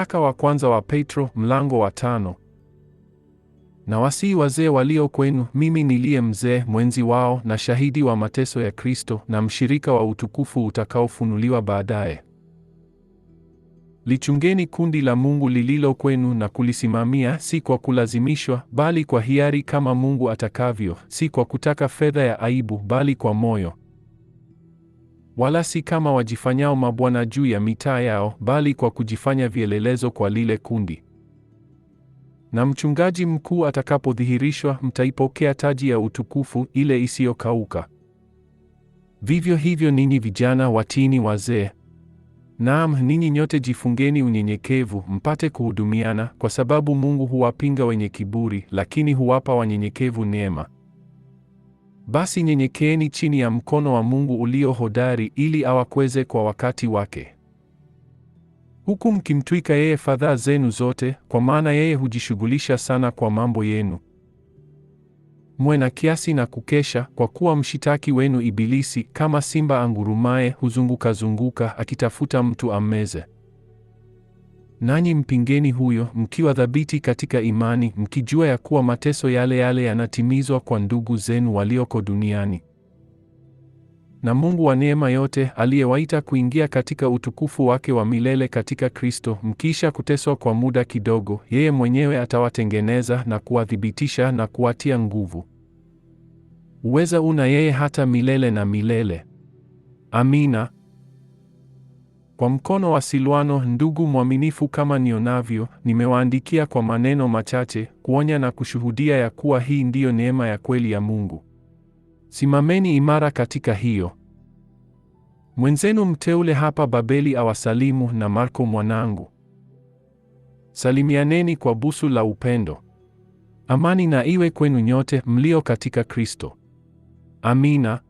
Waraka wa kwanza wa Petro mlango wa tano. Na wasii wazee walio kwenu, mimi niliye mzee mwenzi wao na shahidi wa mateso ya Kristo na mshirika wa utukufu utakaofunuliwa baadaye. Lichungeni kundi la Mungu lililo kwenu na kulisimamia, si kwa kulazimishwa, bali kwa hiari, kama Mungu atakavyo; si kwa kutaka fedha ya aibu, bali kwa moyo wala si kama wajifanyao mabwana juu ya mitaa yao, bali kwa kujifanya vielelezo kwa lile kundi. Na mchungaji mkuu atakapodhihirishwa, mtaipokea taji ya utukufu ile isiyokauka. Vivyo hivyo ninyi vijana, watini wazee. Naam, ninyi nyote jifungeni unyenyekevu, mpate kuhudumiana, kwa sababu Mungu huwapinga wenye kiburi, lakini huwapa wanyenyekevu neema. Basi nyenyekeeni chini ya mkono wa Mungu ulio hodari ili awakweze kwa wakati wake, huku mkimtwika yeye fadhaa zenu zote, kwa maana yeye hujishughulisha sana kwa mambo yenu. Mwe na kiasi na kukesha, kwa kuwa mshitaki wenu Ibilisi kama simba angurumaye huzunguka zunguka akitafuta mtu ammeze nanyi mpingeni huyo, mkiwa thabiti katika imani, mkijua ya kuwa mateso yale yale yanatimizwa kwa ndugu zenu walioko duniani. Na Mungu wa neema yote, aliyewaita kuingia katika utukufu wake wa milele katika Kristo, mkiisha kuteswa kwa muda kidogo, yeye mwenyewe atawatengeneza na kuwathibitisha na kuwatia nguvu. Uweza una yeye hata milele na milele. Amina. Kwa mkono wa Silwano, ndugu mwaminifu kama nionavyo, nimewaandikia kwa maneno machache, kuonya na kushuhudia ya kuwa hii ndiyo neema ya kweli ya Mungu. Simameni imara katika hiyo. Mwenzenu mteule hapa Babeli awasalimu na Marko mwanangu. Salimianeni kwa busu la upendo. Amani na iwe kwenu nyote mlio katika Kristo. Amina.